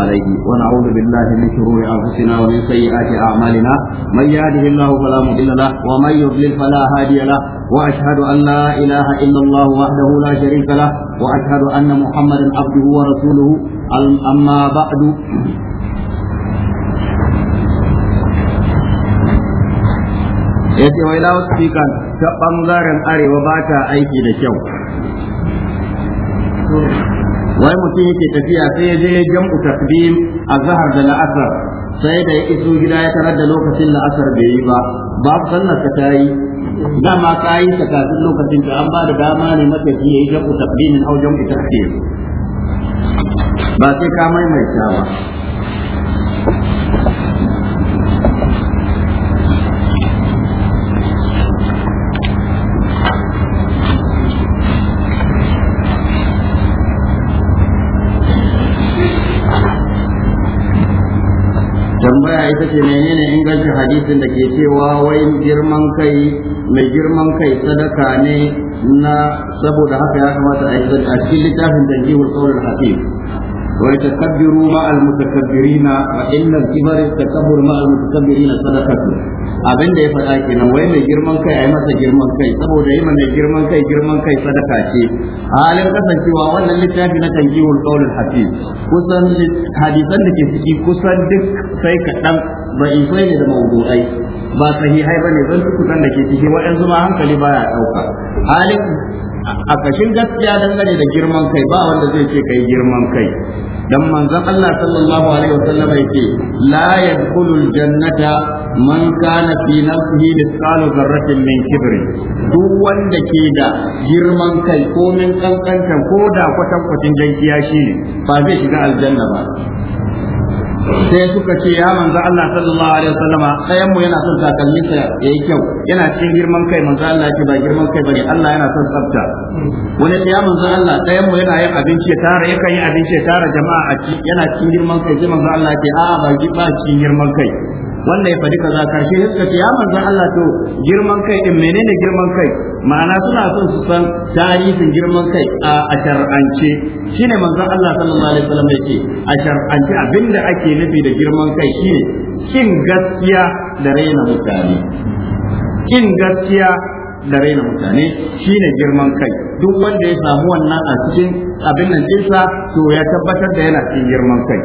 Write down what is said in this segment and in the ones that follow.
عليه ونعوذ بالله من شرور انفسنا ومن سيئات اعمالنا من يهده الله فلا مضل له ومن يضلل فلا هادي له واشهد ان لا اله الا الله وحده لا شريك له واشهد ان محمدا عبده ورسوله اما بعد yace wai loudspeaker ta bangaren arewa ba ta aiki da kyau wai mutum yake tafiya sai ya je jam'u takdim zahar da la'asar sai da ya iso gida ya tarar da lokacin la'asar bai yi ba babu sallar ka tayi dama ka yi ta kafin lokacin ka an ba da dama ne matafi ya yi jam'u takdim au jam'u takdim ba sai ka maimaita ba tambaya ita ce menene ingancin hadisin da ke cewa wai girman kai mai girman kai sadaka ne na saboda haka ya kamata a yi a cikin littafin tanjihul qaulul hakim wa yatakabbiru ma al mutakabbirina wa inna al kibara takabbur ma al mutakabbirina sadaqatu abin da ya faɗa kenan wai mai girman kai ai masa girman kai saboda yi mai girman kai girman kai sadaka ce halin kasancewa wannan littafi na tanjihul qaulul hafi, kusan hadisan da ke ciki kusan duk sai kaɗan sai ne da mawudu'ai ba sahihai bane zan kusan da ke ciki waɗansu ma hankali baya ɗauka halin a kashin gaskiya dangane da girman kai ba wanda zai ce kai girman kai dan manzon Allah sallallahu alaihi wasallam yake la yadkhulul jannata man kana fi nafsihi misqalu dharratin min kibri duk wanda ke da girman kai ko min kankantan ko da kwatan kwatin ya shi ba zai shiga aljanna ba sai suka ce ya manzo Allah sallallahu alaihi wasallama ɗayan mu yana son takalminsa ya yi kyau yana cikin girman kai manzo Allah yake ba girman kai bane Allah yana son tsafta wani ya manzo Allah ɗayan mu yana yin abinci ya tara yakan yi abinci ya tara jama'a a ci yana cikin girman kai sai manzo Allah yake a'a ba ba cikin girman kai Wanda ya faɗi kaza karshe suka ce ya manzon Allah to girman kai din menene girman kai ma'ana suna son su san tarihin girman kai a shar'ance shine manzon Allah sallallahu alaihi wasallam yake a shar'ance abinda ake nufi da girman kai shine kin gaskiya da raina mutane kin gaskiya da raina mutane shine girman kai duk wanda ya samu wannan a cikin abin nan dinsa to ya tabbatar da yana cikin girman kai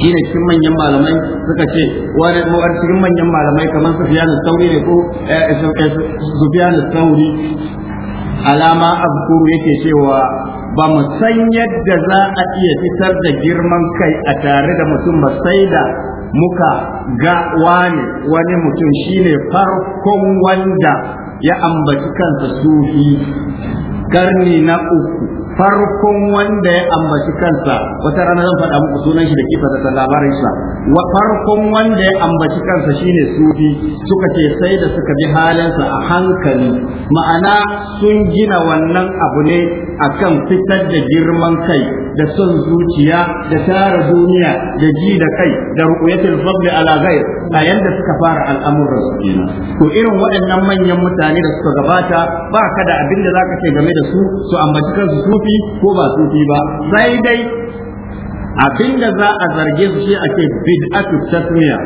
shi ne cikin manyan malamai suka ce wani mawar cikin manyan malamai kamar da sauri ne ko da eh, eh, sauri eh, alama abkuru yake cewa ba mu san yadda za a iya fitar da girman kai a tare da mutum ba sai da muka ga wani wani mutum shine farkon wanda ya ambaci kansa sufi karni na uku farkon wanda ya ambaci kansa wata rana zan faɗa muku sunan shi da kifa da labarin sa wa farkon wanda ya ambaci kansa shine sufi suka ce sai da suka bi halinsa a hankali ma'ana sun gina wannan abu ne akan fitar da girman kai da son zuciya da tara duniya da ji da kai da ruqyatul fadli ala ghair a yanda suka fara al'amuran su kenan to irin waɗannan manyan mutane da suka gabata ba ka da abin da zaka ce game da su su ambaci kansu sufi ko ba sufi ba sai dai abinda za a zarge su shi ake bid'atu tasmiya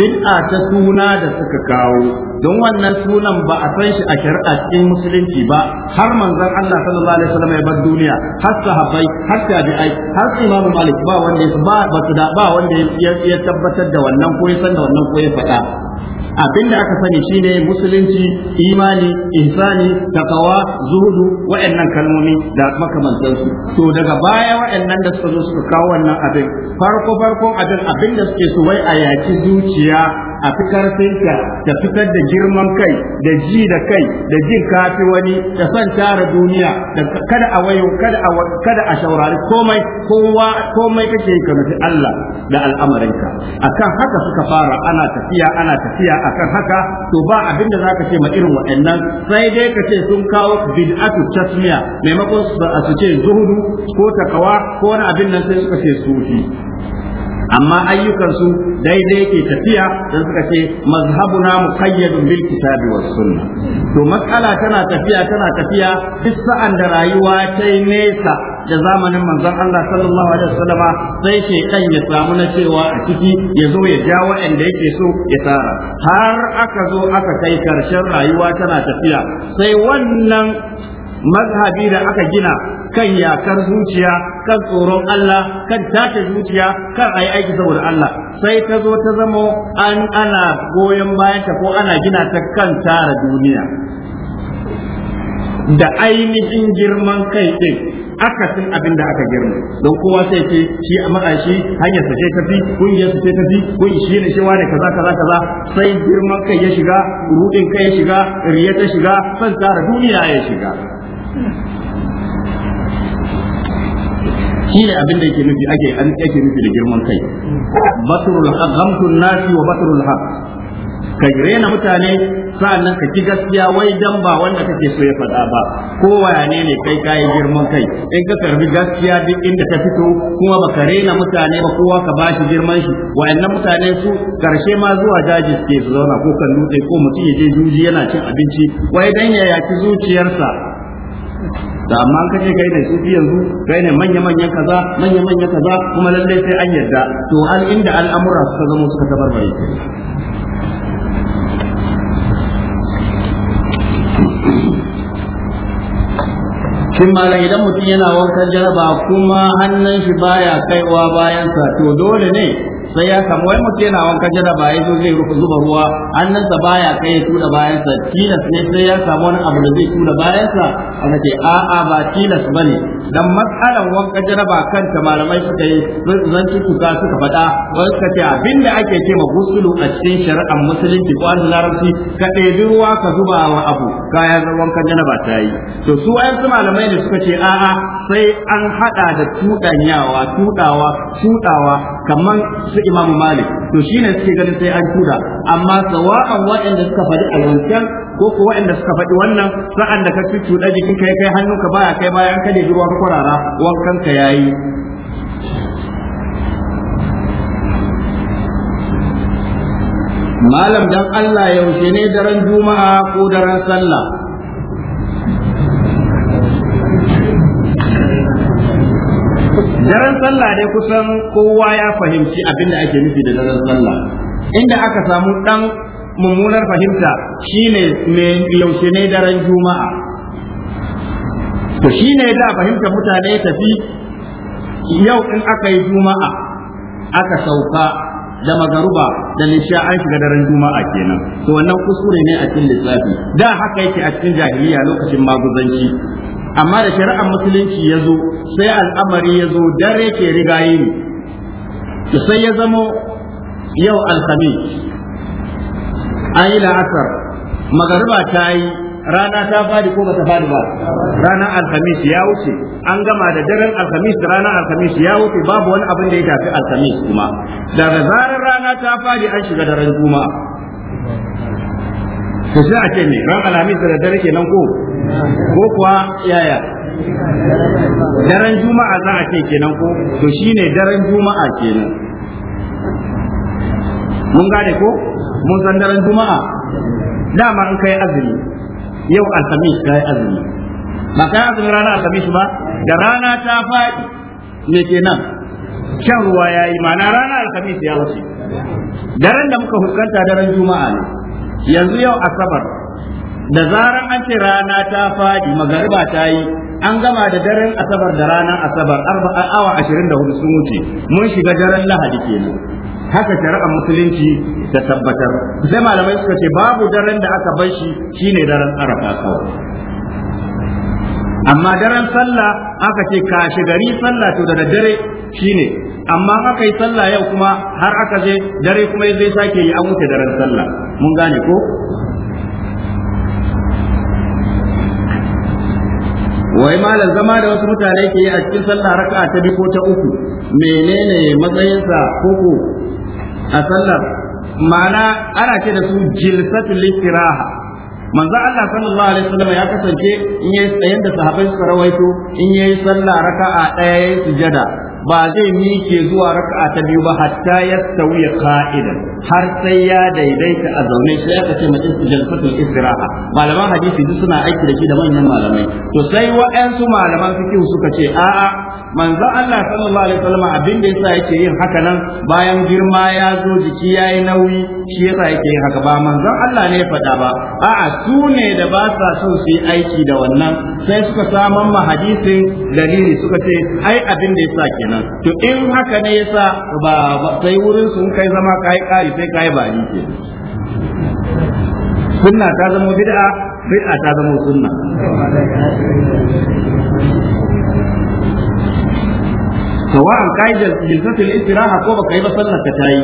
bid'a ta suna da suka kawo don wannan sunan ba a san shi a shari'a cikin musulunci ba har manzon Allah sallallahu alaihi wasallam ya bar duniya har sahabbai har tabi'ai har imamu malik ba wanda ba ba su da ba wanda ya tabbatar da wannan ko ya san da wannan ko ya faɗa abin da aka sani shine musulunci imani insani, takawa zuhudu waɗannan kalmomi da makamantansu to daga baya wa'annan da suka zo suka kawo wannan abin farko farkon abin abin da suke so wai a yaki zuciya a fi karfinka ta fitar da girman kai da ji da kai da jin kafi wani da san tara duniya da kada a wayo kada a kada a shaurari komai kowa komai kake ka kamar Allah da al'amarinka akan haka suka fara ana tafiya ana tafiya akan haka to ba abin da zaka ce ma irin waɗannan sai dai ka ce sun kawo bid'atu tasmiya maimakon su ce zuhudu ko takawa ko wani abin nan sai suka ce sufi amma ayyukansu daidai yake tafiya da suka ce mazhabuna muqayyadun bil kitabi was sunna to matsala tana tafiya tana tafiya duk sa'an da rayuwa ta nesa da zamanin manzon Allah sallallahu alaihi wasallam sai kan ya samu na cewa a ciki ya zo ya ja waɗanda yake so ya tara har aka zo aka kai karshen rayuwa tana tafiya sai wannan mazhabi da aka gina kan yakar zuciya kan tsoron Allah kan tace zuciya kan ayi aiki saboda Allah sai ta zo ta zamo an ana goyon bayan ta ko ana gina ta kan tara duniya da ainihin girman kai din akasin abin da aka girma don kowa sai ce shi a ma'ashi hanyar sa fi kungiyar sa fi ko shi ne shi wani kaza kaza kaza sai girman kai ya shiga rudin kai ya shiga riya ta shiga san tara duniya ya shiga shi ne abin da yake nufi ake an yake nufi da girman kai batrul haq nasi wa batrul haq ka rena mutane sa'annan ka ki gaskiya wai dan ba wanda kake so ya faɗa ba ko wayane ne kai kai girman kai in ka karbi gaskiya duk inda ka fito kuma baka rena mutane ba kowa ka bashi girman shi wayannan mutane su karshe ma zuwa daji suke zauna ko kan dutse ko mutum ya je juji yana cin abinci wai dan ya yaki zuciyarsa da amma ka ce kai ne fi yanzu kai ne manya manyan kaza manya manyan kaza kuma lallai sai an yarda to an inda al'amura suka zama suka tabarbare shin malam idan mutum yana wankan jaraba kuma hannun shi baya kaiwa bayansa to dole ne sai ya samu wai mace na wanka jira ba ya zo zai rufe zuba ruwa hannunsa baya kai ya tura bayansa tilas ne sai ya samu wani abu da zai tura bayansa aka ce a'a ba tilas bane dan matsalar wanka janaba kanta malamai suka yi ci suka suka faɗa wai suka ce da ake ce ma gusulu a cikin shari'ar musulunci ko an larabci ka ɗebi ruwa ka zuba wa abu kayan wanka janaba ta yi to su su malamai da suka ce a'a sai an haɗa da tuɗanyawa tuɗawa tuɗawa kamar su imamu malik to shine suke ganin sai an tura amma sawa'an waɗanda suka faɗi a wancan ko ko waɗanda suka faɗi wannan sa'an da ka cuɗa jikin kai kai hannunka baya kai bayan ka dai ruwan kwarara wankan ka yayi malam dan Allah yaushe ne daren juma'a ko daren sallah daren sallah dai kusan kowa ya fahimci abin da ake nufi da daren sallah inda aka samu dan mummunar fahimta shine yaushe ne daren juma'a to shine da fahimta mutane tafi yau in aka yi juma'a aka sauka da magaruba da nisha an shiga daren juma'a kenan to wannan kusure ne a cikin lissafi da haka yake a cikin jahiliya lokacin maguzanci amma da shari'ar musulunci ya zo sai al'amari ya zo dare ke riga ne, sai ya zamo yau alhamis an yi la'asar magariba ta yi rana ta fadi ko bata fadi ba Rana alhamis ya wuce an gama da daren alhamis da rana alhamis ya wuce babu wani abin da ya tafi alhamis kuma daga zarar rana ta fadi an shiga daren juma'a Ku sai a ce ne ran alhamis da dare kenan ko ko kuwa yaya daren juma'a za a ce kenan ko to shine daren juma'a kenan mun gane ko mun san daren juma'a dama in kai azumi yau alhamis kai azumi ba kai azumi rana alhamis ba da rana ta faɗi me kenan shan ruwa yayi na rana alhamis ya wuce daren da muka fuskanta daren juma'a ne yanzu yau asabar da zaran an ce rana ta faɗi magariba ta yi an gama da daren asabar da ranar asabar arba'ar awa ashirin da hudu sun wuce mun shiga daren lahadi kenan haka shari'ar musulunci ta tabbatar sai malamai suka ce babu daren da aka bar shi shine daren arafa kawai amma daren sallah aka ce kashi gari sallah to da dare shine amma aka yi sallah yau kuma har aka je dare kuma zai sake yi an wuce daren sallah mun gane ko wai malam zama da wasu mutane ke yi a cikin sallah raka'a ta biyu ko ta uku menene matsayinsa koko a sallar ma'ana ana ce da su jilsatul istiraha manzo Allah sallallahu alaihi wasallam ya kasance in yayi tsayen da sahabbai suka rawaito in yayi sallah raka'a daya yayi sujada ba zai mike zuwa raka'a ta biyu ba hatta ya sauya qa'idan har sai ya daidaita a zaune sai aka ce mace jalsatul istiraha malaman hadisi duk suna aiki da shi da manyan malamai to sai wa'ansu malaman fiqh suka ce a'a manzon Allah sallallahu alaihi wasallam abin da yasa yake yin haka nan bayan girma ya zo jiki yayi nauyi shi yasa yake yin haka ba manzon Allah ne ya faɗa ba a'a su ne da ba sa son su yi aiki da wannan sai suka saman ma hadisin dalili suka ce ai abin da yasa kenan to in haka ne yasa ba sai wurin sun kai zama kai kai sai kai ba ni ke sunna ta zama bid'a bid'a ta zama sunna سواء kai جلسة istiraha ko baka yi ba sallar ka tayi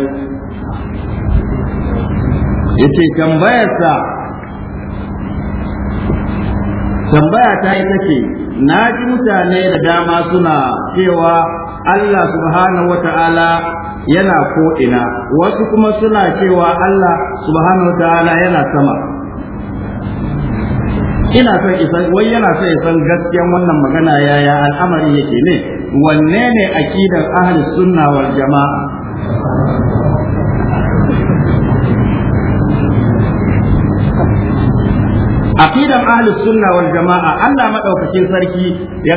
yace tambayarsa tambaya ta ita ce na ji mutane da dama suna cewa Allah subhanahu yana ko'ina wasu kuma suna cewa Allah ina son isan wai yana son isan gaskiyan wannan magana yaya al'amari yake ne wanne ne aqidar ahli sunna wal jama'a aqidar ahli sunna wal jama'a Allah madaukakin sarki ya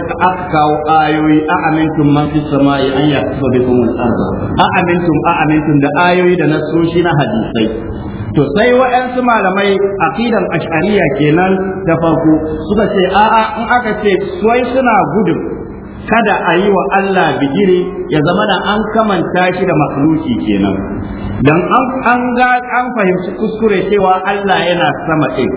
kawo ayoyi a amintum man fi samai an yaqfa bikum kuma arda a amintum a amintum da ayoyi da nasoshi na hadisai to sai waɗansu malamai aqidar ash'ariya kenan da farko suka ce a'a in aka ce suwai suna gudun kada a yi wa Allah bigire ya zama da an kamanta shi da makhluki kenan dan an ga an fahimci kuskure cewa Allah yana sama ɗin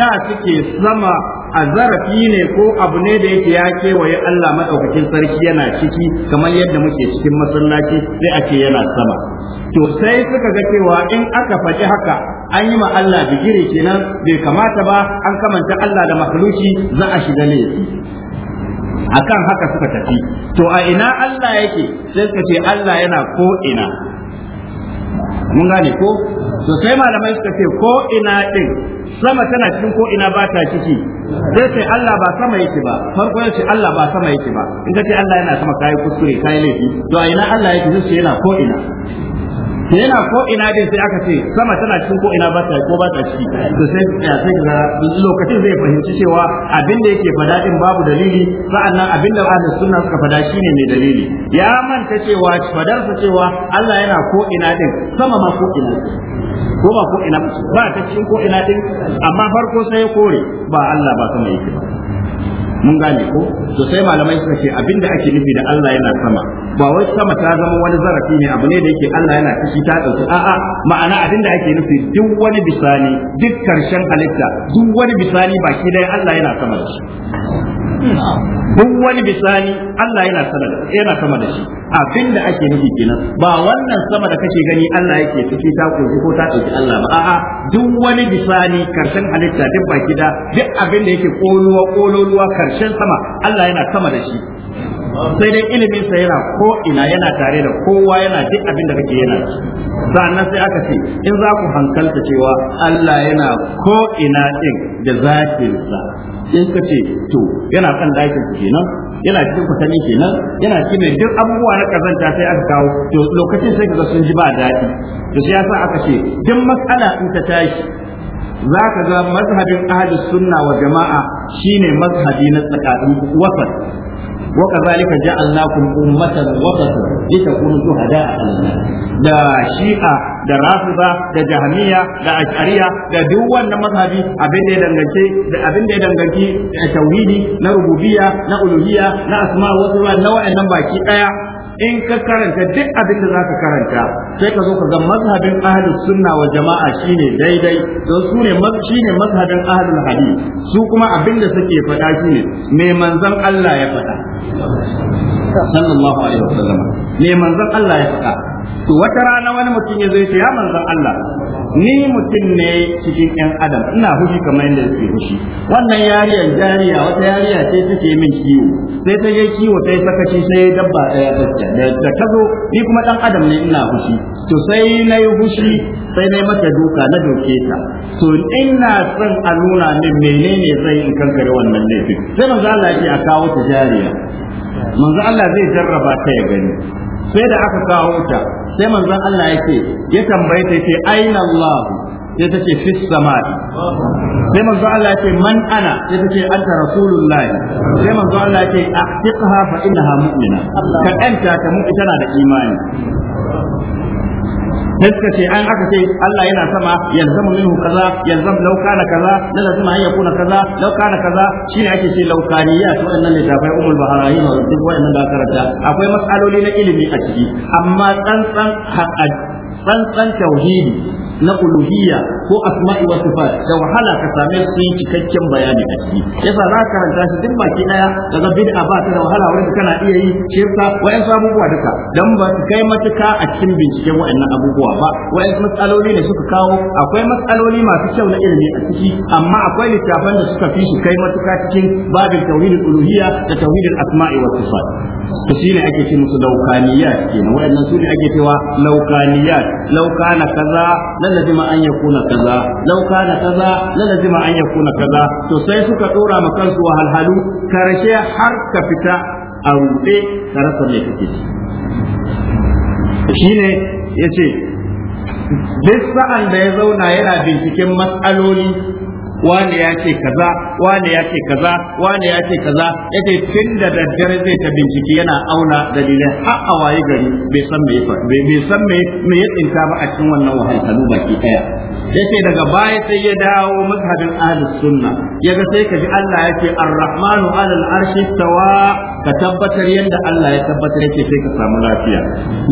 ta suke sama a zarafi ne ko abu ne da yake ya kewaye Allah madaukakin sarki yana ciki kamar yadda muke cikin masallaci sai a yana sama to sai suka ga cewa in aka faɗi haka an yi ma Allah bigire kenan bai kamata ba an kamanta Allah da makhluki za a shiga ne akan haka suka tafi to a ina Allah yake sai suka ce Allah yana ko ina mun gane ko to sai malamai suka ce ko ina din sama tana cikin ko ina ba ta ciki sai sai Allah ba sama yake ba farko ya ce Allah ba sama yake ba in ka ce Allah yana sama kai kuskure kai laifi to a ina Allah yake sai yana ko ina yana ko ina din sai aka ce sama tana cikin ko ina ba ta ko ba ta ciki to sai eh, sai ga lokacin zai fahimci cewa abin da yake fada din babu dalili sa'annan abin da ahlus sunna suka fada shine mai dalili ya manta cewa fadar sa cewa Allah yana ko ina din sama ma ko ina ko ba ko ina ba ta cikin ko ina din amma farko sai ya kore ba Allah ba sama yake ba mun gane ko to sai malamai suka ce abinda ake nufi da Allah yana sama ba wai sama ta zama wani zarafi ne abu ne da yake Allah yana ciki ta dauki a'a ma'ana abinda ake nufi duk wani bisani duk karshen halitta duk wani bisani baki dai Allah yana sama da shi duk wani bisani Allah yana sama da yana sama da shi abinda ake nufi kenan ba wannan sama da kake gani Allah yake ciki ta koji ko ta ɗauki Allah ba a'a duk wani bisani karshen halitta duk baki da duk da yake koluwa-kololuwa, karshen sama Allah yana sama da shi sai dai ilimin sa yana ko ina yana tare da kowa yana duk abin da kake yana sannan sai aka ce in za ku hankalta cewa Allah yana ko ina din da zatin sa in ka ce to yana kan dakin ku kenan yana cikin kwatani kenan yana cikin duk abubuwa na kazanta sai aka kawo to lokacin sai ka sun ji ba daɗi to sai ya sa aka ce duk matsala in ta tashi za ka ga mazhabin ahli sunna wa jama'a shine mazhabi na tsakanin wasat وكذلك جعلناكم أمة وسطا لتكونوا شهداء على الناس da shi'a da rafiza da Shi'a, da ashariya da duk da mazhabi abin da ya dangance da abin da ya danganci da tauhidi na rububiyya na uluhiyya na asma wa na wa'annan baki ɗaya? in ka karanta duk abin da za ka karanta sai ka zo ka ga mazhabin ahlus sunna wa jama'a shine daidai don su ne shine mazhabin ahlul hadith su kuma abin da suke faɗa shine me manzon Allah ya faɗa sallallahu alaihi wasallam me manzon Allah ya faɗa to wata rana wani mutum ya zo ya ce ya manzon Allah ni mutum ne cikin yan adam ina hushi kamar yadda yake hushi wannan yariyar jariya wata yariya ce take min kiwo sai ta je kiwo sai sakaci sai dabba daya tsakka da ta ni kuma ɗan adam ne ina hushi to sai na yi hushi sai na yi mata duka na doke ta to ina son a nuna min menene zai in kankare wannan laifin sai manzo Allah ya ce a kawo ta jariya manzo Allah zai jarraba ta ya gani sai da aka kawo ta sai manzo Allah ya ce ya tambaye ta ce aina Allah sai ta ce fis samai sai manzo Allah ya ce man ana sai ta ce anta rasulullah sai manzo Allah ya ce aqtiqha fa innaha mu'mina ka anta ta mu'mina tana da imani sai ce an aka ce Allah yana sama yalzamu minhu kaza yalzam law na kaza la lazima ya kuna kaza law kaza shine ake ce laukaniyat wannan ne tafai umul baharahim duk wannan da karanta akwai matsaloli na ilimi a ciki amma tsantsan tsantsan tauhidi na uluhiyya ko asma'i wa sifat da wahala ka same su yi cikakken bayani a ciki yasa za ka karanta shi duk baki daya daga bid'a ba ta da wahala wurin da kana iya yi Shirka, yasa wayan abubuwa duka dan ba su kai matuka a cikin binciken wayannan abubuwa ba wayan matsaloli ne suka kawo akwai matsaloli masu kyau na ilimi a ciki amma akwai littafan da suka fi su kai matuka cikin babin Tauhidin uluhiyya da Tauhidin asma'i wa sifat to shine ake ce musu laukaniyat kenan wayannan su ne ake cewa laukaniyat Lauka kana kaza la lazima an yakuna kaza law kana kaza la lazima an kaza to sai suka dora ma kansu wahalhalu karshe har ka fita a ruɗe ka rasa mai kake shine yace duk sa'an da ya zauna yana binciken matsaloli wani ya ce kaza wani ya ce kaza wani ya ce kaza yace tun da daddare zai ta bincike yana auna dalilai har a waye gari bai san me bai san me me ya tsinta ba a cikin wannan wahalhalu baki daya yace daga baya sai ya dawo mazhabin ahlus sunna yaga sai kaji Allah yace ar-rahmanu 'ala arshi tawa ka tabbatar yanda Allah ya tabbatar yake sai ka samu lafiya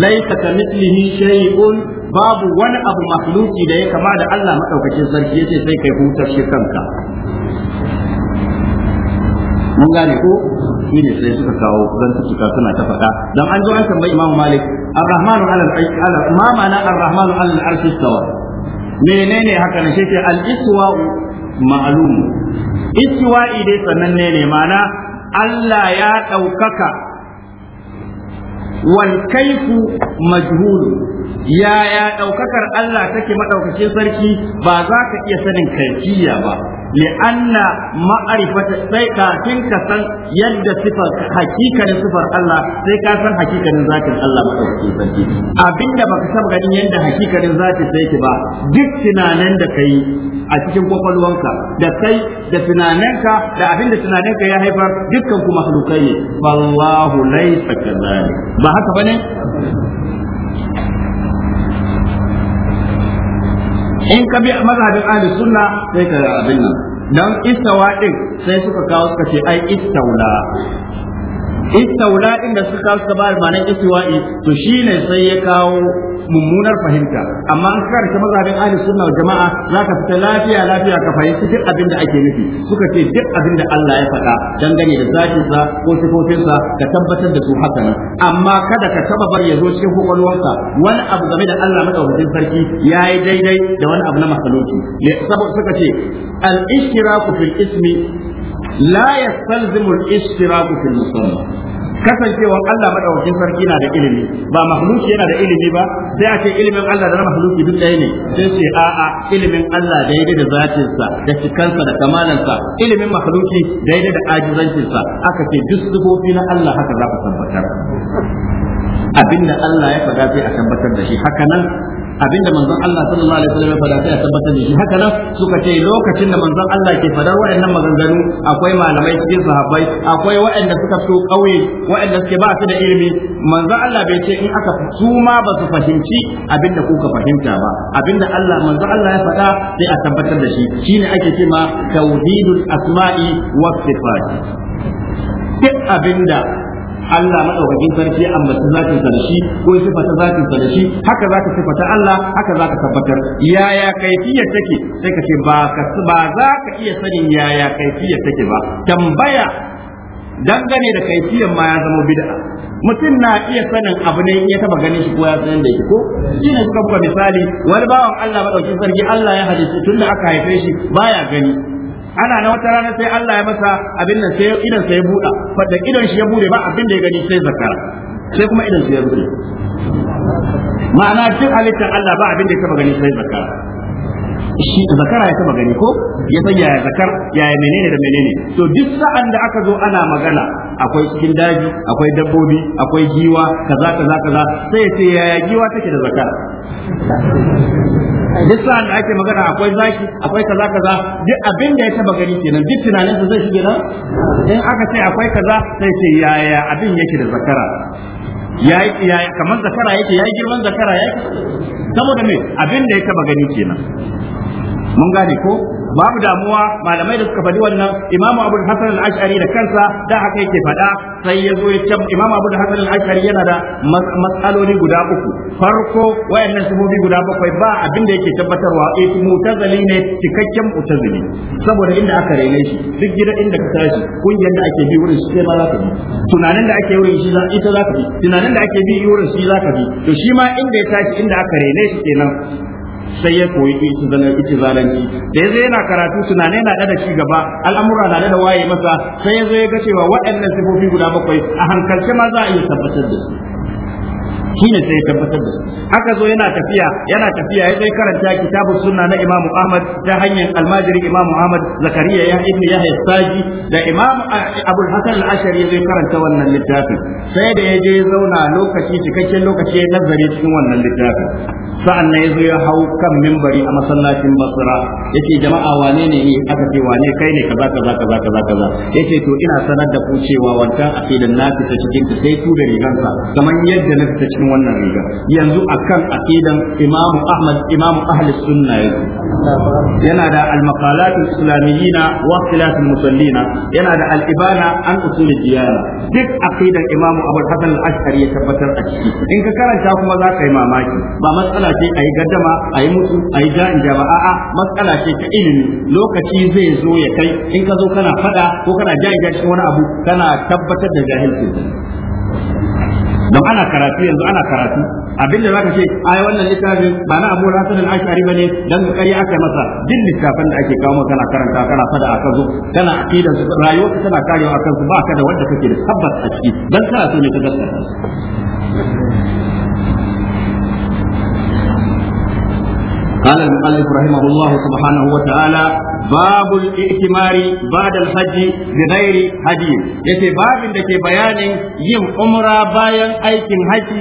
laisa kamithlihi shay'un babu wani abu makhluki da ya kama da Allah madaukakin sarki yace sai kai hutar shi kanka mun gane ko shi ne sai suka kawo zan tuka suna ta faɗa dan an zo an tambayi Imam Malik Ar-Rahmanu 'ala al-'arsh ma ma'ana Ar-Rahmanu 'ala al-'arsh istawa menene haka ne shi al-istiwa ma'lum istiwa'i dai sananne ne ma'ana Allah ya ɗaukaka wal kaifu majhul yaya daukakar Allah take madaukakin sarki ba za ka iya sanin kaifiya ba li'anna ma'arifata sai kafin ka san yadda sifar hakikanin sifar Allah sai ka san hakikanin zatin Allah madaukakin sarki abinda baka san ganin yadda hakikanin zati sai ki ba duk tunanin da kai a cikin kwakwalwanka da kai da tunaninka da abinda tunaninka ya haifar dukkan kuma halukai ne wallahu laysa kadhalik ba haka bane in ka bi mazhabin ahli sunna sai ka ga abin nan dan istawa din sai suka kawo suka ce ai istaula istaula din da suka suka ba ma'anar istiwa'i to shine sai ya kawo mummunar fahimta amma an ta mazhabin ahli sunna wal jama'a zaka fita lafiya lafiya ka fahimci duk abin da ake nufi suka ce duk abin da Allah ya faɗa dangane da zatin sa ko sifofin sa ka tabbatar da su haka nan amma kada ka taba bar ya zo cikin kokolwarka wani abu game da Allah madaukakin sarki yayi daidai da wani abu na makhluki saboda suka ce al-ishtiraku fil ismi la yastalzimu al-ishtiraku fil musamma kasancewar Allah madaukakin sarki na da ilimi ba mahluki yana da ilimi ba sai a ce ilimin Allah da na mahluki duk ɗaya ne sai ce a'a ilimin Allah daidai da zatinsa da cikansa da kamalansa ilimin mahluki daidai da ajizancinsa aka ce duk sifofi na Allah haka za ka tabbatar abinda Allah ya faɗa sai a tabbatar da shi haka nan abinda manzon Allah sallallahu alaihi wasallam ya faɗa sai a tabbatar da shi haka nan suka ce lokacin da manzon Allah ke faɗar waɗannan maganganu akwai malamai cikin sahabbai akwai waɗanda suka so ƙauye waɗanda suke ba su da ilimi manzon Allah bai ce in aka su ma ba su fahimci abinda kuka fahimta ba abinda Allah manzon Allah ya faɗa sai a tabbatar da shi shine ake cewa tauhidul asma'i was sifat duk abinda Allah madaukakin sarki ambaci zatin sa da shi ko sifata zatin sa da shi haka zaka sifata Allah haka zaka tabbatar yaya kaifiyar take sai ka ce ba ka ba za ka iya sanin yaya kaifiyar take ba tambaya dangane da kaifiyar ma ya zama bid'a mutum na iya sanin abu ne ya taba ganin shi ko ya sanin da shi ko shi ne suka misali wani bawan Allah madaukakin sarki Allah ya halitta tunda aka haife shi baya gani ana na wata rana sai Allah ya masa abin nan sai idan sai ya buɗa fadda idan shi ya bude ba abin da ya gani sai zakara sai kuma idan sai ya bude ma'ana duk halittar Allah ba abin da ya taba gani sai zakara shi zakara ya taba gani ko ya san yaya zakar yaya menene da menene to duk sa'an da aka zo ana magana akwai cikin daji akwai dabbobi akwai giwa kaza kaza kaza sai ya ce yaya giwa take da zakara duk sa'an da ake magana akwai zaki akwai kaza kaza duk abin da ya taba gani kenan duk tunanin sa zai shige nan in aka ce akwai kaza sai ce yaya abin yake da zakara ya kamar zakara yake ya girman zakara yake saboda me abin da ya taba gani kenan mun gane ko babu damuwa malamai da suka faɗi wannan imamu abu hasan al-ash'ari da kansa da haka yake faɗa sai ya zo ya ce imamu abu hasan al-ash'ari yana da mas'aloli guda uku farko wayannan sufofi guda bakwai ba abin da yake tabbatarwa eh mutazali ne cikakken mutazali saboda inda aka rene shi duk gidan inda ka tashi kungiyar da ake bi wurin shi sai ma za ka bi tunanin da ake wurin shi ita za ka bi tunanin da ake bi wurin shi za ka bi to shi ma inda ya tashi inda aka rene shi kenan sai ya koyi zalanci da ya zo yana karatu tunanai na da ci gaba al'amura na da waye masa sai ya zai ya ga cewa waɗannan sifofi guda bakwai a hankalce ma za a iya tabbatar da su shine sai ya tabbatar da su aka zo yana tafiya yana tafiya ya dai karanta kitabu sunna na Imam Ahmad ta hanyar almajiri Imam Ahmad Zakariya ya ibn Yahya Saji da Imam Abu Hasan al-Ashari zai karanta wannan littafi sai da ya je zauna lokaci cikakken lokaci ya nazari cikin wannan littafi sa'annan ya zo ya hau kan mimbari a masallacin Basra yace jama'a wane ne ni aka ce wane kai ne kaza kaza kaza kaza kaza yace to ina sanar da ku cewa wancan aqidan nafi ta cikin ta sai ku da rigansa kamar yadda na ta cikin wannan riga yanzu akan aqidan Imam Ahmad Imam Ahli Sunna yake yana da al-maqalat al-islamiyyin wa al-musallin yana da al-ibana an usul diyana duk aqidan Imam Abu Hasan al-Ash'ari ya tabbatar a ciki in ka karanta kuma za ka yi mamaki ba matsala ce ayi gaddama ayi mutu ayi ja'in jama'a a matsala ce ta ilimi lokaci zai zo ya kai in ka zo kana fada ko kana ja'in cikin wani abu kana tabbatar da jahilci don ana karatu yanzu ana karatu abinda zaka ce ai wannan littafin ba na Abu Hasan al-Ash'ari bane dan kari aka masa din littafin da ake kawo kana karanta kana fada aka zo kana akida rayuwar tana karewa akan su ba ka da wanda kake da tabbas a ciki dan karatu ne ka gaskata قال المؤلف رحمه الله سبحانه وتعالى باب الائتمار بعد الحج بغير هدي yace babin da ke bayanin yin umra bayan aikin haji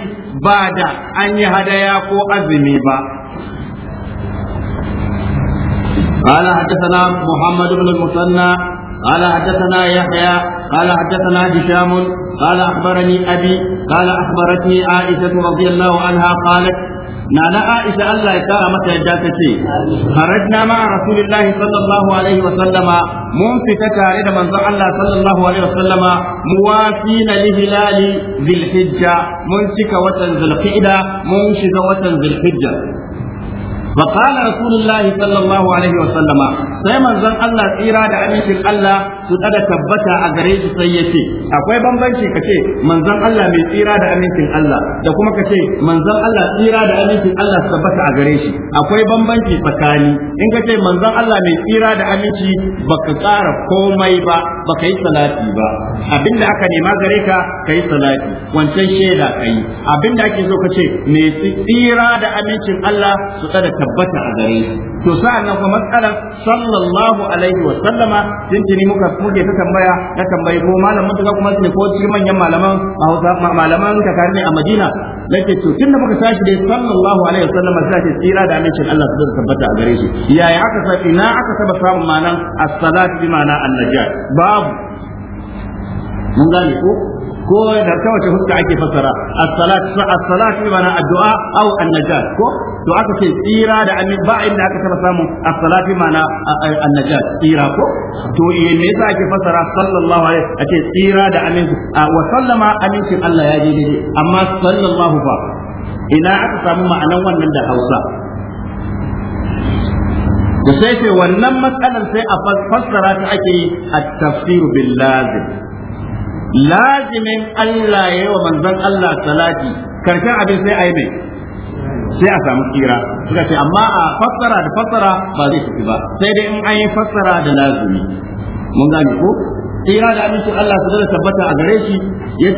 ba da an yi hadaya ko azumi ba قال حدثنا محمد بن المثنى قال حدثنا يحيى قال حدثنا هشام قال اخبرني ابي قال اخبرتني عائشه رضي الله عنها قالت nana Aisha Allah ya kara masa yadda ta ce harajna ma Rasulullahi sallallahu alaihi wa sallama mun fita tare da manzon Allah sallallahu alaihi wa sallama muwafina li hilali dhil hijja mun cika watan dhul mun shiga watan dhul وقال رسول الله صلى الله عليه وسلم سيما زن الله tsira da amincin Allah su tsada tabbata a gare shi sai ya ce akwai bambanci ka ce manzon Allah mai tsira da amincin Allah da kuma ka ce manzon Allah tsira da amincin Allah su tabbata a gare shi akwai bambanci tsakani in ka ce manzon Allah mai tsira da aminci baka tsara komai ba baka yi salati ba abinda aka nema gare ka kai salati wancan shaida kai abinda ake so ka ce mai tsira da amincin Allah su tsada tabbata a gare shi to sa'annan kuma matsalar sallallahu alaihi wa sallama tuntuni muka muke ta tambaya na tambayi ko malam mutaka kuma ne ko cikin manyan malaman a Hausa malaman ka kakarni a Madina nake to tun da muka tashi dai sallallahu alaihi wa sallama sai ce tsira da amincin Allah su tabbata a gare shi yaya aka sa na aka saba samun ma'anan as-salatu bi ma'ana an-najat babu mun gane ko ko da ta wace fuska ake fassara as-salat as-salat bi ma'ana addu'a aw an-najat ko to aka ce tsira da amin ba inda aka taba samu as-salat bi ma'ana an-najat tsira ko to eh me yasa ake fassara sallallahu alaihi ake tsira da amin wa sallama amincin Allah ya je daidai amma sallallahu fa ina aka samu ma'anan wannan da Hausa da sai ce wannan matsalar sai a fassara ta ake yi a tafsiru bil lazim lazimin Allah ya yi wa manzon Allah salati karshen abin sai a yi mai sai a samu tsira suka ce amma a fassara da fassara ba zai tafi ba sai dai in an yi fassara da lazumi mun gane ko tsira da amincin Allah su zai tabbata a gare shi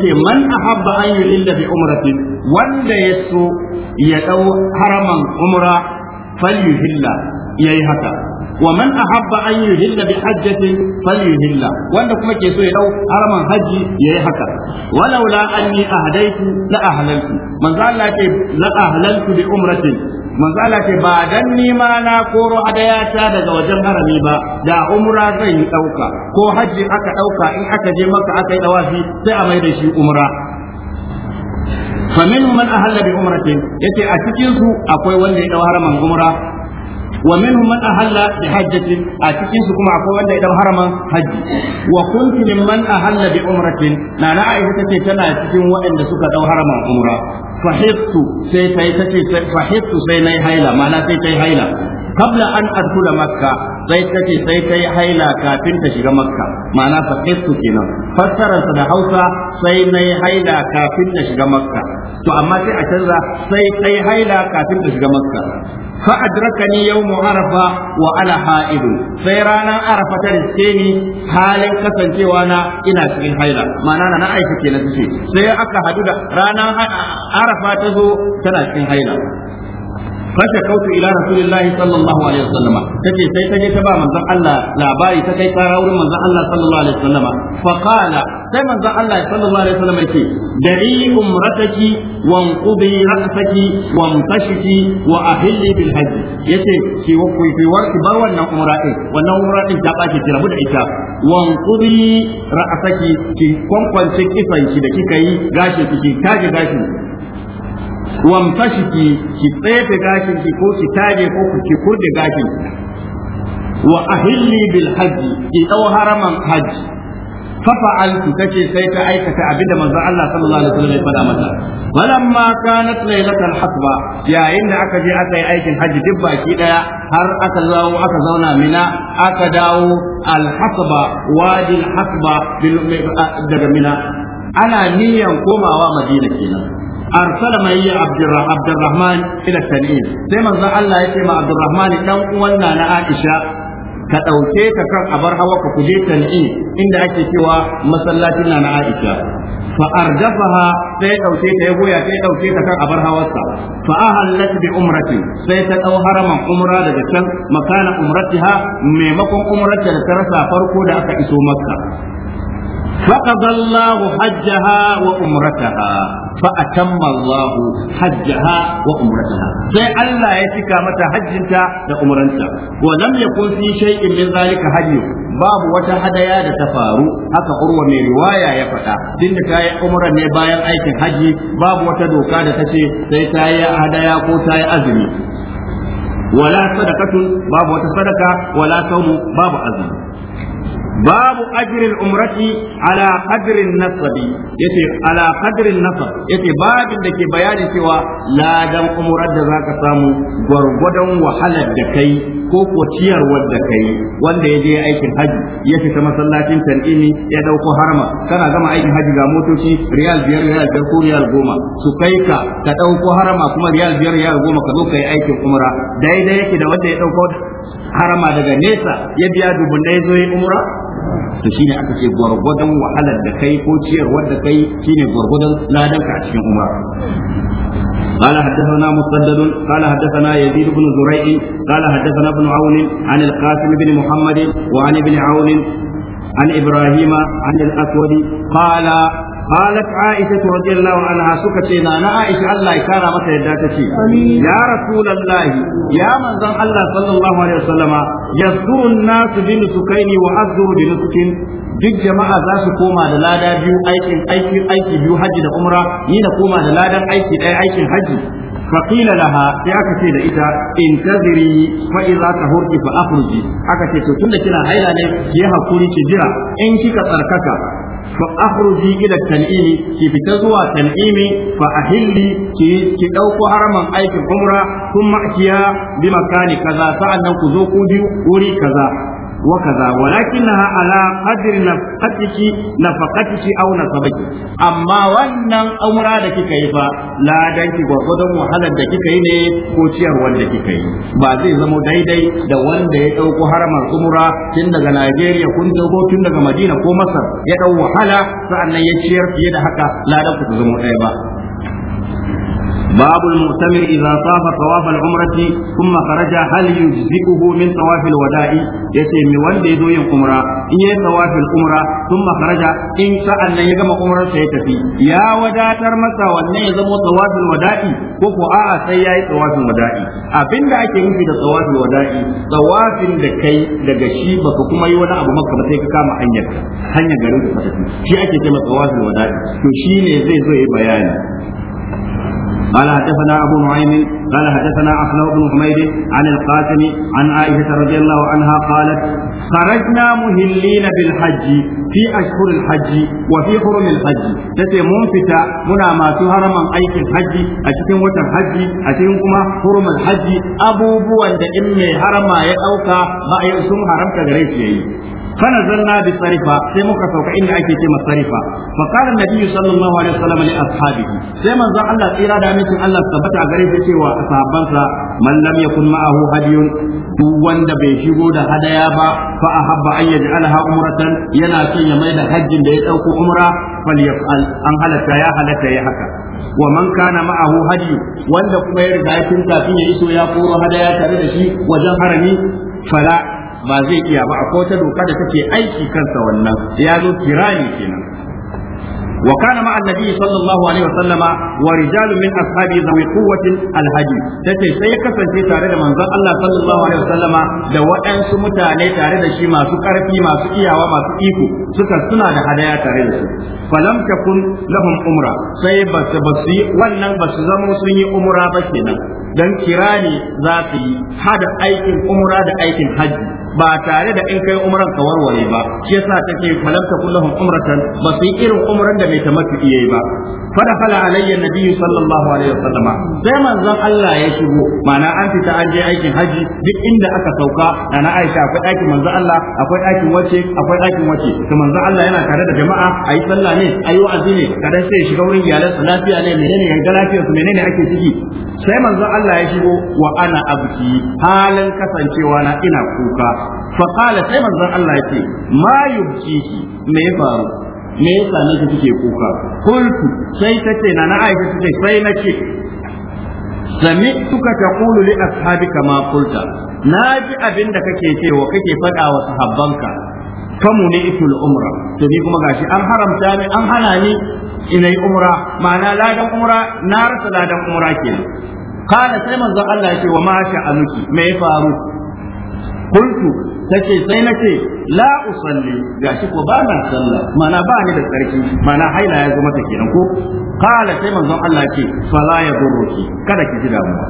ce man habba an yuhilla fi umratin wanda ya so ya ɗau haraman umra ya yayi haka wa man ahabba an yuhilla bi hajjatin falyuhilla wanda kuma ke so ya dau haraman ya yi haka walaula anni ahdaitu la ahlaltu manzo Allah ke la ahlaltu bi umratin manzo ba dan ni na koro adayata daga wajen harami ba da umra zai yi dauka ko haji aka ɗauka in aka je maka aka yi dawafi sai a mai da shi umra فمنهم من أهل بعمرة يتي akwai wanda ya إلى haraman umra. wa minhum man ahalla bi hajjatin a cikin su kuma akwai wanda idan haraman haji wa kuntu mimman ahalla bi umratin na na aisha tace tana cikin waɗanda suka dau haraman umra fahittu sai tai tace fahittu sai haila ma'ana sai tai haila kabla an adkhula makka sai tace sai tai haila kafin ta shiga makka ma'ana fahittu kenan fassarar da Hausa sai nayi haila kafin ta shiga makka to amma sai a canza sai tai haila kafin ta shiga makka fa yau mu arafa wa ala sai ranar arafa ta riske ni halin kasancewa na ina cikin haila ma'ana na aisha kenan tace sai aka hadu da ranar arafa ta zo tana cikin haila fashakautu ila rasulillahi sallallahu alaihi wasallam tace sai ta je ta ba manzon Allah labari ta kai tsara wurin manzon Allah sallallahu alaihi wasallam fa qala sai manzon Allah sallallahu alaihi wasallam yake dari umrataki wanqudi ra'saki wamtashiki wa ahilli bil hajj yace ki ku fi warki bar wannan umra din wannan umra ta baki ki rabu da ita wanqudi ra'saki ki kwankwance kifanki da kika yi gashin ki kaje gashin wamfashiki ki tsefe gashin ki ko ki tage ko ki kurde gashin ki wa ahilli bil hajji ki dau haraman hajji fa fa'altu sai ta aikata abinda manzo Allah sallallahu alaihi wasallam ya faɗa mata walamma kanat lailatul hasba yayin da aka je aka yi aikin hajji duk baki daya har aka zawo aka zauna mina aka dawo al hasba wadi al hasba daga mina ana niyan komawa madina kenan arsala mai yi abdurrahman ila tan'in sai manzo Allah ya ce ma abdurrahman dan uwan na na Aisha ka dauke ta kan abar hawa ka kuje tan'in inda ake cewa masallacin na na Aisha fa ardafaha sai dauke ta ya goya sai dauke ta kan abar hawarsa fa ahallat bi umrati sai ta dau haraman umra daga can makana umratiha maimakon umrata da ta rasa farko da aka iso makka فقضى الله حجها وعمرتها فأتم الله حجها وعمرتها سي الله يتكى متى حجنتا وعمرنتا ولم يكن في شيء من ذلك هدي babu wata hadaya da ta faru haka urwa mai ya faɗa tun da ta yi umra ne bayan aikin hajji, babu wata doka da ta ce sai ta yi hadaya ko ta yi azumi wala sadakatun babu wata sadaka wala saumu babu azumi babu ajrin umrati ala qadrin nasabi yace ala qadrin nasab yace babin da ke bayani cewa ladan umrar da zaka samu gwargwadon wahalar da kai ko ko ciyarwar da kai wanda ya je aikin haji ya fita masallacin tan'imi ya dauko harama kana gama aikin haji ga motoci riyal biyar riyal biyar ko riyal goma su kai ka ka dauko harama kuma riyal biyar riyal goma ka zo ka yi aikin umra daidai yake da wanda ya dauko harama daga nesa ya biya dubun da ya zo yi umra to shine aka ce gwargwadon wahalar da kai ko ciyarwar da kai shine gwargwadon ladanka a cikin umar قال حدثنا مسدد قال حدثنا يزيد بن زريع قال حدثنا ابن عون عن القاسم بن محمد وعن ابن عون عن ابراهيم عن الاسود قال قالت عائشة رضي الله عنها سكتنا أنا عائشة الله كان متى يداتتي يا رسول الله يا من ذن الله صلى الله عليه وسلم يذكر الناس بنسكين وأذر بنسك duk jama'a za su koma da lada biyu aikin aiki aiki biyu haji da umra ni na koma da ladan aiki ɗaya aikin haji فقيل laha sai aka ce da ita intaziri fa idza tahurti fa akhruji aka ce to tunda kina haila ne ki hakuri ki jira in kika tsarkaka fa akhruji ila tan'imi ki fita zuwa tan'imi fa a ki ki ɗauko haraman aikin umra kuma kiya bi makani kaza sa'annan ku zo ku biyu wuri kaza وكذا ولكنها على قدر نفقتك نفقتك أو نصبك أما وأن أمرا لك كيف لا دنك وقدم وحلا لك كيف kika yi. كيف بعد زمو daidai da wanda ya ɗauko haramar umra tun daga Najeriya kun dauko tun daga Madina ko Masar ya ɗau wahala sa'annan ya ciyar fiye da haka ladan zama ɗaya ba باب المؤتمر إذا طاف طواف العمرة ثم خرج هل يجزئه من طواف الوداع يتي من وندي دوي عمرة إيه طواف العمرة ثم خرج إن سأل يجمع عمرة سيتفي يا ودا ترمسا وأن يزمو طواف الوداع وكو آآ سيأي طواف الوداع أبين دا أكي نفي دا طواف الوداع طواف دا كي دا غشي بكو كما يودا أبو مكة بسيك كاما حنيك حنيك غريب فتفي شي أكي كما طواف الوداع تو شي ne zai zo yi bayani قال حدثنا أبو نعيم قال حدثنا أخلاق بن حميد عن القاسم عن عائشة رضي الله عنها قالت خرجنا مهلين بالحج في أشهر الحج وفي حرم الحج تتي منفتا منا ما سهر من أيك الحج أشكين وتر حج أشكين كما حرم الحج أبو بوان دا إمي حرم يأوكا ما يأسوم حرمك غريش يأيه فنزلنا sarifa sai muka sauka inda ake ce sarifa, fa qala nabiyyu sallallahu alaihi wasallam li ashabihi sai manzon Allah tsira da amincin Allah tabbata gare shi cewa sahabbansa man lam yakun ma'ahu hadiyun duk wanda bai shigo da hadaya ba fa ahabba an yaj'alaha umratan yana son ya mai da hajjin da ya dauko umra falyaf'al an halatta ya halarta ya haka wa man kana ma'ahu hadiyu wanda kuma ya riga ya tinta ya iso ya koro hadaya tare da shi wajen harami fala ba zai iya ba akwai wata doka da take aiki kansa wannan ya zo kirani kenan wa kana ma annabi sallallahu alaihi wa sallama wa rijalun min ashabi zawi quwwatin alhaji tace sai kasance tare da manzon Allah sallallahu alaihi wa sallama da waɗansu mutane tare da shi masu karfi masu iyawa masu iko suka suna da hadaya tare da su falam takun lahum umra sai ba su wannan ba su zama sun yi umra ba kenan dan kirani za su yi hada aikin umra da aikin hajji ba tare da in kai umran ka warware ba shi yasa take falam takullahum umratan ba su yi irin umran da mai tamattu yayi ba fadakhala alayya nabi sallallahu alaihi wasallam sai manzon Allah ya shigo ma'ana an fita an je aikin haji duk inda aka sauka na Aisha akwai ɗakin manzon Allah akwai ɗakin wace akwai ɗakin wace to manzon Allah yana tare da jama'a ayi sallah ne ayi wa'azi ne kada sai shiga wurin iyalansa lafiya ne menene yanga lafiyar su menene ake ciki sai manzon Allah ya shigo wa ana abki halin kasancewa na ina kuka faqala sai manzon Allah yace ma yubkiki me ya faru me yasa nake kike kuka kultu sai tace na na Aisha tace sai nace sami'tuka taqulu li ashabi kama kulta naji abinda kake cewa kake faɗawa wa sahabbanka famu ne itul umra to ni kuma gashi an haramta ni an hana ni yi umra ma'ana ladan umra na rasa ladan umra kenan kana sai manzon Allah yake wa ma sha'anuki me ya faru kultu tace sai na la usalli gashi ko ba na sallah mana ba ni da tsarki mana haila ya zo mata kenan ko qala sai manzon Allah ce fala ya durruki kada ki ji damuwa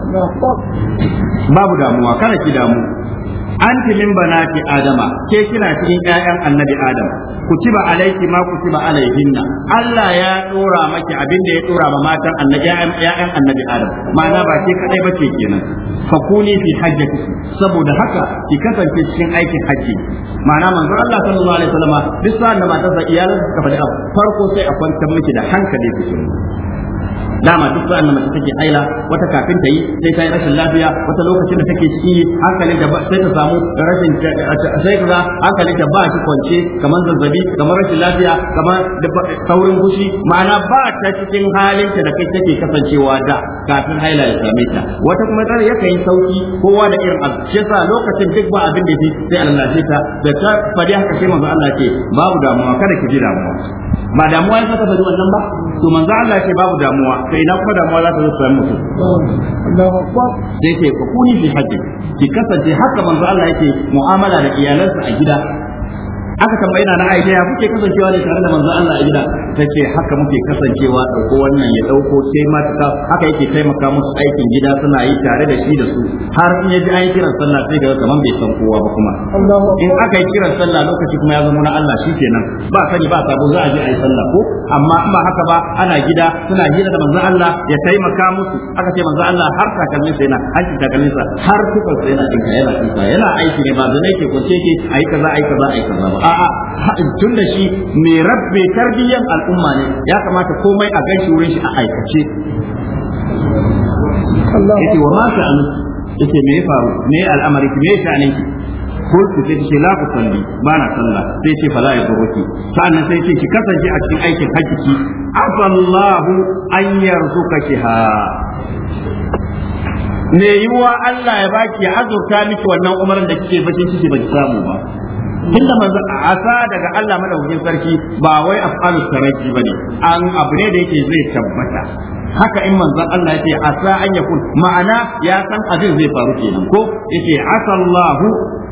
babu damuwa kada ki damu anti min banati adama ke kina cikin 'ya'yan annabi adam ba alaiki ma ku ba alaihinna Allah ya dora maki abin da ya dora ma matan annabi ƴaƴan annabi adam ma'ana ba ke kadai bace kenan fa kuni fi hajjati saboda haka ki kasance cikin aikin hajji ma'ana manzo Allah sallallahu alaihi wasallam duk sa'an da matarsa iyalansa suka faɗi abu farko sai a kwantar miki da hankali ki dama duk sa'an da mace take haila wata kafin ta yi sai ta yi rashin lafiya wata lokacin da take ciki hankalin da sai ta samu rashin sai kaza hankalin da ba shi kwance kamar zazzabi kamar rashin lafiya kamar saurin fushi, ma'ana ba ta cikin halin ta da kai take kasancewa da kafin haila ya same ta wata kuma tsare ya kai sauki kowa da irin abu shi yasa lokacin duk ba abin da yake sai Allah ya ta da ta fadi haka sai manzo Allah ce babu damuwa kada ki ji damuwa ba damuwa ya saka wannan ba to manzo Allah ce babu damuwa to ina kuma damuwa za ta zo samu mutum sai ce ku kuni fi haji ki kasance haka manzo Allah yake mu'amala da iyalansa a gida aka ina na Aisha ya kuke kasancewa da tare da manzon Allah a gida tace haka muke kasancewa dauko wannan ya dauko sai ma ta haka yake taimaka musu aikin gida suna yi tare da shi da su har in yaji an kiran sallah sai ga kaman bai san kowa ba kuma in aka yi kiran sallah lokaci kuma ya zama na Allah shikenan ba sani ba sabo za a je a yi sallah ko amma in ba haka ba ana gida suna hira da manzon Allah ya taimaka musu aka ce manzon Allah har takalmin sa yana hanci takalmin sa har kufar sa yana dinka yana dinka yana aiki ne ba zai ke kwace ke ayi kaza ayi kaza ayi kaza ba a'a tun da shi mai rabbe tarbiyyar al'umma ne ya kamata komai a gaishe wurin shi a aikace yace wa ma sa'an yace me ya faru me al'amari ki me sha'anin ki Ko sai ce la ku salli ba na sallah sai ce fala ya zuruki sa'annan sai ce ki kasance a cikin aikin hajji afallahu an yarzuka ha me yiwuwa Allah ya baki ya azurta miki wannan umarin da kike bakin kike baki samu ba tunda manzo asa daga Allah madaukakin sarki ba wai af'alus taraki bane an abu ne da yake zai tabbata haka in manzon Allah yace asa an yakun ma'ana ya san abin zai faru kenan ko yace asallahu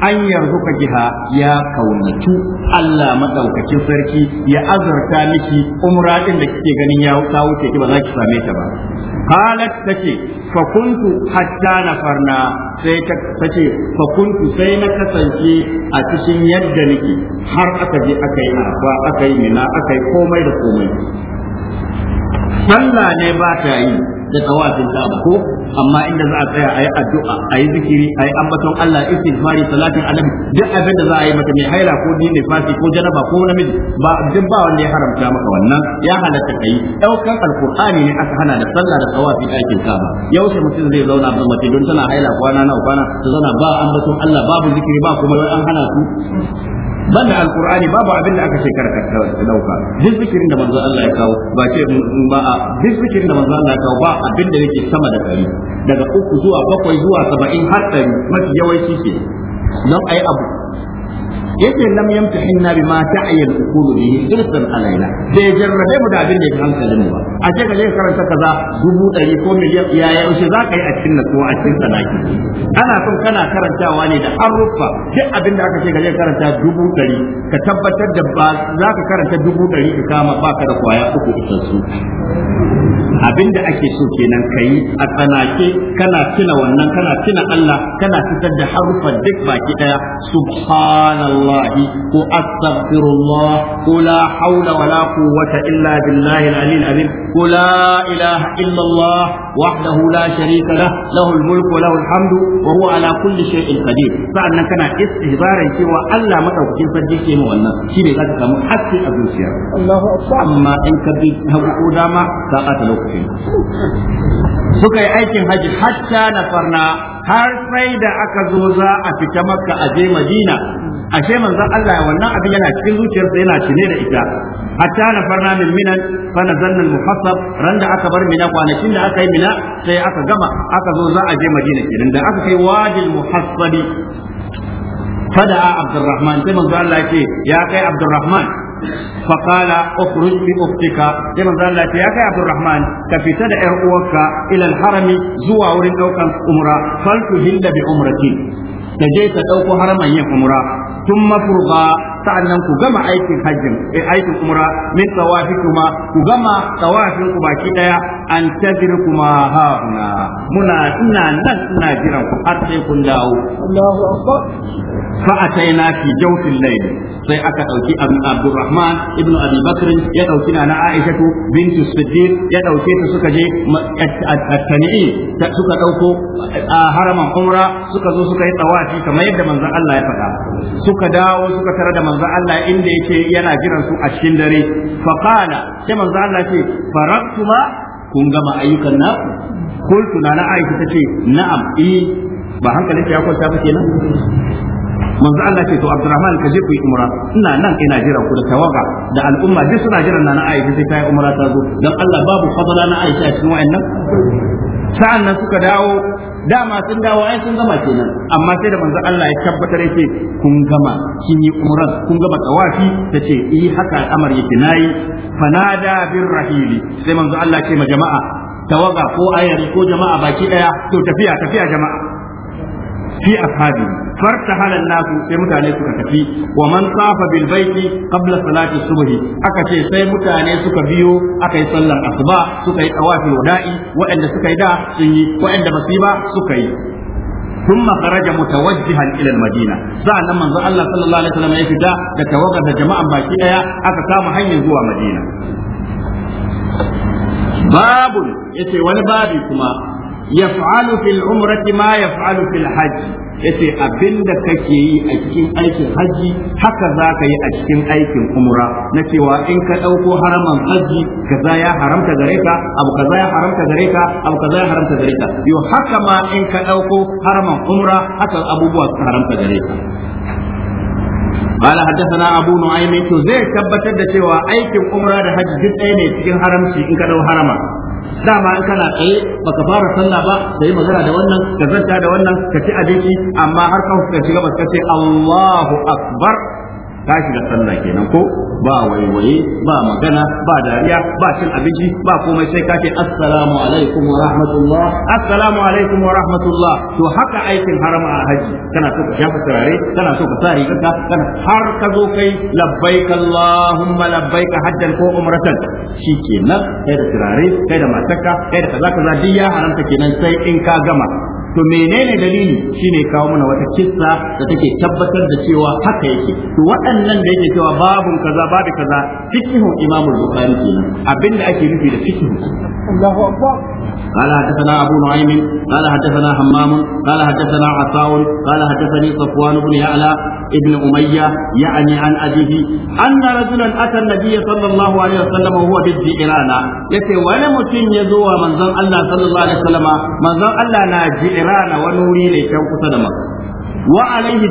an yarzuka kiha ya kaunatu Allah madaukakin sarki ya azurta miki umra din da kike ganin ya ta wuce ki ba za ki same ta ba halat take fa kuntu hatta nafarna sai ta tace fa kuntu sai na kasance a cikin yadda nake har aka je aka yi ba aka yi mina aka yi komai da komai sallah ne ba ta yi da tawafin ka'aba ko amma inda za a tsaya yi addu'a ayi zikiri ayi ambaton Allah fari salatin annabi duk abin da za a yi mata mai haila ko ni ne fasi ko janaba ko namiji ba duk ba wanda ya haramta maka wannan ya halatta kai daukan alqur'ani ne aka hana da sallah da tawafi ɗakin kaba. yaushe mutum zai zauna ba mace don tana haila kwana na kwana ta zauna ba ambaton Allah babu zikiri ba kuma an hana su banda alqur'ani babu abin da aka ce kar ka dauka duk zikirin da manzo Allah ya kawo ba ce ba a duk zikirin da manzo Allah ya kawo ba abin da yake sama da kai daga uku zuwa bakwai zuwa saba'in har dari mafi yawanci ke nan ai abu yace lam yamtahinna bima ta'ya al-uqulu bihi irsan alaina bai jarrabe mu da abin da yake hankalin mu ba a ce kaje karanta kaza dubu ɗari ko miliyan ya yaushe za ka yi a cikin nasuwa a cikin tsanaki ana son kana karantawa ne da harufa duk abin da aka ce kaje karanta dubu ɗari ka tabbatar da ba za ka karanta dubu ɗari ka kama ka da kwaya uku isassu abin da ake so kenan kayi a tsanake kana tuna wannan kana tuna Allah kana fitar da harufa duk baki daya subhanallah الله كو أستغفر الله كو لا حول ولا قوة إلا بالله العلي العظيم كو لا إله إلا الله وحده لا شريك له له الملك وله الحمد وهو على كل شيء قدير فأنا كان استهبارا سوى ألا متوكين فرجيكي مولنا شيء ذلك كم حتى أبوسيا الله أكبر أما إن كبير هبقو داما ساقات لوكين سكي أيكين هجي حتى نفرنا har sai da aka zo za a fita makka a je madina ashe manzon Allah wannan abin yana cikin zuciyarsa yana cine da ita hatta na farna min minan fa nazalna al-muhassab randa aka bar mina kwanakin da aka yi mina sai aka gama aka zo za a je Madina kenan da aka kai wajil muhassabi fada'a Abdurrahman sai manzo Allah ce ya kai Abdurrahman فقال اخرج باختك كما قال لك يا عبد الرحمن كفيت zuwa wurin الى الحرم زوا ورين دوكان عمره فلتهل بعمرتي تجي تدوكو حرما yin umra. ثم فرغا sa'annan ku gama aikin hajjin eh, aikin umra min tawafi kuma ku gama tawafin ku baki daya an tazir kuma hauna muna ina nan ina jiran ku har sai kun dawo Allahu akbar fa ataina fi jawfil layl sai aka dauki Abdurrahman ibn Abi Bakr ya dauki na Aisha bintu Siddiq ya dauke ta suka je at-tani'i suka dauko a haraman umra suka zo suka yi tawafi kamar yadda manzon Allah ya faɗa suka dawo suka tare da manzo Allah inda yake yana jiran su a cikin dare fa qala sai manzo Allah ce faraktuma kun gama ayyukan na kultu na Aisha tace na'am eh ba hankalin ya kwanta ba kenan manzo Allah ce to Abdurrahman ka je ku yi umra ina nan ina jiran ku da tawaga da al'umma duk suna jiran na Aisha sai ta yi umra ta zo dan Allah babu fadala na Aisha cikin wa'annan sa'an nan suka dawo dama sun dawo ai sun gama kenan amma sai da manzo Allah ya tabbatar yake kun gama kin yi umran kun gama tawafi tace eh, yi haka al'amar yake nayi fanada bir rahili sai manzo Allah ce ma jama'a tawaga ko ayari ko jama'a baki daya to tafiya tafiya jama'a fi ashabi fartahala nasu sai mutane suka tafi wa man safa bil baiti salatin salati aka ce sai mutane suka biyo aka sallar asuba suka yi tawafil wada'i waɗanda suka yi da sun yi waɗanda ba su yi ba suka yi ثم خرج متوجها الى المدينه سأل من الله صلى الله عليه وسلم يفدا da tawagar da jama'an baki ɗaya, aka kama hanyar zuwa madina babun yace wani babi kuma yaf'alu fil umrati ma yaf'alu fil hajj yace abinda kake yi a cikin aikin haji haka za ka yi a cikin aikin umra na cewa in ka ɗauko haraman haji kaza ya haramta gare ka abu kaza ya haramta gare ka abu kaza ya haramta gare ka yo haka ma in ka ɗauko haraman umra haka abubuwa su haramta gare ka قال حدثنا ابو نعيم تو زي tabbatar da cewa aikin umra da hajji duk ɗaya ne cikin haramci in ka dau harama dama in kana tsaye baka fara sallah ba sai magana da wannan ka zanta da wannan ka ci abinci amma har ka fuskanci gabas ka ce Allahu akbar ka shiga sallah kenan ko ba waiwaye ba magana ba dariya ba cin abinci ba komai sai ka ce assalamu alaikum wa rahmatullah assalamu alaikum wa rahmatullah to haka aikin haram a haji kana so ka shafa turare kana so ka sa rigarka kana har ka zo kai labbaik allahumma labbaik hajjan ko umratan shikenan kai da turare kai da matarka kai da kaza kaza duk haramta kenan sai in ka gama to menene dalili shine kawo mana wata kissa da take tabbatar da cewa haka yake to waɗannan da yake cewa babun kaza babu kaza fiqhu imam al-bukhari kenan abinda ake nufi da fiqhu Allahu akbar قال حدثنا أبو نعيم قال حدثنا همام قال حدثنا عطاء قال حدثني صفوان بن يعلى ابن أمية يعني عن أبيه أن رجلا أتى النبي صلى الله عليه وسلم وهو بالجئران يتي ولم يزوى من ظن الله صلى الله عليه وسلم من ظن الله ناجئ qirana wani wuri ne can kusa da maka wa alaihi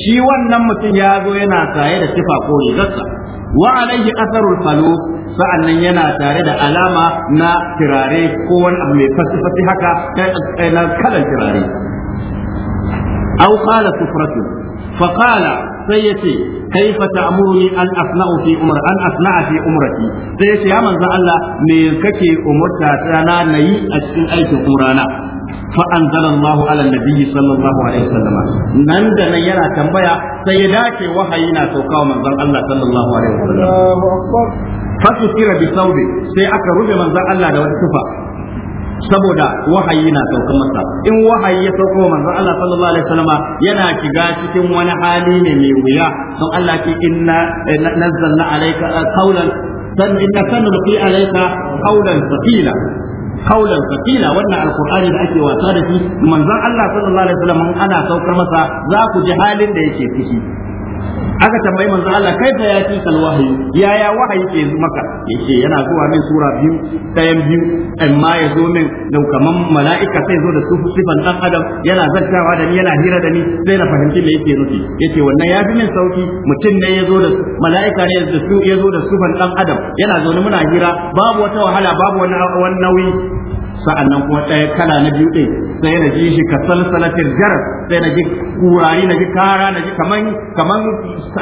shi wannan mutum ya zo yana saye da sifa ko rigarsa wa alaihi asarul falus sa'annan yana tare da alama na tirare ko wani abu mai fasifasi haka eh, eh, na kalan kirare aw qala sufratu fa qala sai ya ce kaifa ta'muruni an asna'u fi umr an asna'a fi umrati sai ya ce ya manzo Allah me kake umurta ta na nayi a cikin aikin umrana fa anzalallahu ala nabiyyi sallallahu alaihi wasallam nan da nan yana tambaya sai ya dace wahayi na wa manzon Allah sallallahu alaihi wasallam fa tusira bi saube sai aka rufe manzon Allah da wata tufa saboda wahayi na sauka masa in wahayi ya sauka wa manzon Allah sallallahu alaihi wasallam yana shiga cikin wani hali ne mai wuya don Allah ke inna eh, nazzalna alayka eh, qawlan san inna sanulqi alayka qawlan thaqila kaulan sakila wannan Alƙur'ani da ake wasa da shi manzon Allah sallallahu alaihi wasallam ana saukar masa za ku ji halin da yake ciki aka tambayi manzo Allah kai fa ya fi ya ya wahayi ke maka yace yana zuwa min sura biyu ɗayan biyu amma ya zo min da mala'ika sai zo da sifan dan adam yana zantawa da ni yana hira da ni sai na fahimci me yake nufi yace wannan ya fi min sauki mutum ne ya zo da mala'ika ne da su ya zo da sifan dan adam yana zaune muna hira babu wata wahala babu wani nauyi sa'annan kuma ɗaya kala na biyu ɗin sai na ji shi ka salsalatin jarar sai na ji kurari na ji kara na ji kaman kaman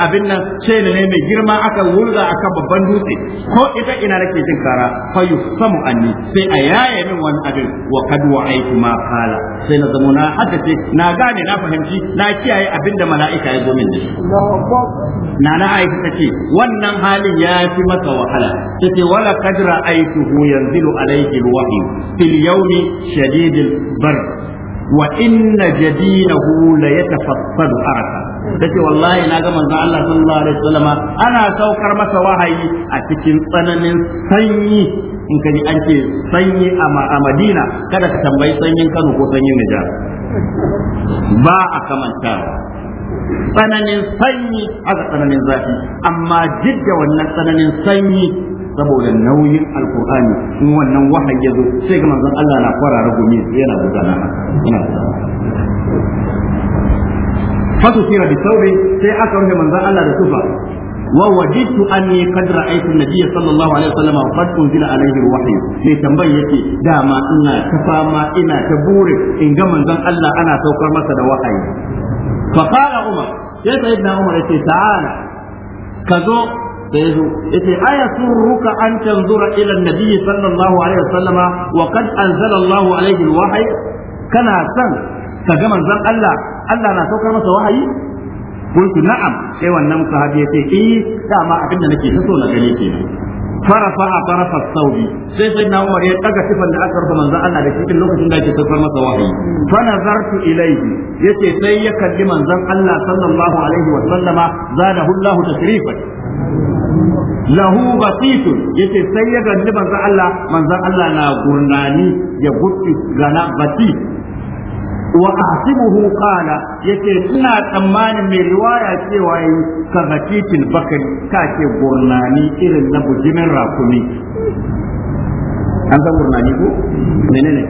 abin nan ce ne mai girma aka wurga akan babban dutse ko ita ina nake jin kara fa yusamu anni sai a yaye min wani abin wa kad ma qala sai na zamo na haddace na gane na fahimci na kiyaye abin da mala'ika ya zo min da na na aiki take wannan halin ya fi masa wahala take wala kadra aituhu yanzilu alayhi alwahyu fil yawmi shadidil barq wa inna jadinahu la yatafassalu araka dace wallahi na ga manzon Allah sallallahu alaihi ana saukar masa wahayi a cikin tsananin sanyi in kaji an ce sanyi a Madina kada ka tambayi sanyin Kano ko sanyin Nijar ba a kamanta, tsananin sanyi haka tsananin zafi amma duk da wannan tsananin sanyi saboda nauyin alkur'ani in wannan wahayi ya zo sai ga manzon Allah na kwarara gumi yana gudana ina fatu sira bi sauri sai aka rufe manzon Allah da tufa ووجدت اني قد رايت النبي صلى الله عليه وسلم وقد انزل عليه الوحي sai tambayi yake dama ina ta fama ina ta bure in ga manzon Allah ana saukar masa da wahayi fa qala umar sai sayyidina umar yace ta'ala ka zo da yazo yace ayasurruka an tanzura ila an-nabi sallallahu alaihi wasallama wa qad anzala alaihi al-wahy kana san ka ga manzon Allah Allah na saukar masa wahayi kuntu na'am sai wannan sahabi yace eh dama abin da nake so na gane kenan a طرف الثوب sai sai na umar ya daga sifan da aka rufe manzon Allah da cikin lokacin da ake saukar masa wahayi fa nazartu ilayhi yace sai ya kalli manzon Allah sallallahu alaihi wa sallama zadahu Allah tashrifan lahu basitu yace sai ya ganni manzon Allah manzon Allah na gurnani ya gutti gana bati wa ahsibuhu qala yace ina tsammanin mai riwaya cewa yi ka bakari kake gurnani irin na bujimin rakumi an san gurnani ko menene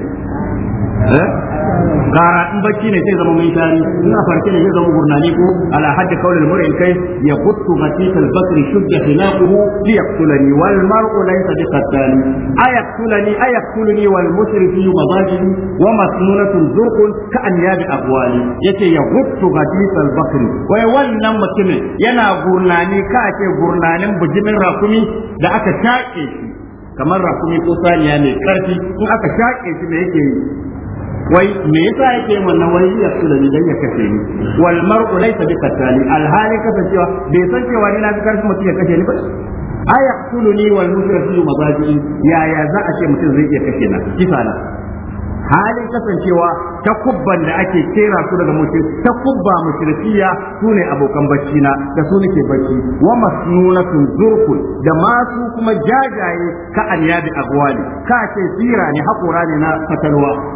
gara eh? in bacci ne sai zama mai tari ina farke ne sai zama gurnani ko ala hadda kaulul mur'in kai ya quttu ghatika al-basri shudda khilaquhu li yaqtulani wal mar'u laysa bi qattali ayaqtulani ayaqtulni wal musrifi mabaji wa masnunatun zurqun ka an yabi abwali yace ya quttu ghatika al-basri wai wannan mutumin yana gurnani ka ce gurnanin bujimin rakumi da aka take shi kamar rakumi ko saniya mai karfi in aka shaƙe shi me yake yi wai me yasa yake wannan wai ya su da ni dan ya kashe ni wal mar'u laysa bi qatali al hali kasancewa bai san cewa ni na fi karfin mutum ya kashe ni ba aya ni wal mushrikuna mabaji ya ya za a ce mutum zai iya kashe na kisa na halin kasancewa ta kubban da ake kera su daga mutum ta kubba mushrikiya su abokan bacci na da su nake bacci wa masnunatun zurkul da masu kuma jajaye ka anyabi agwali ka ce sira ne hakora ne na fatalwa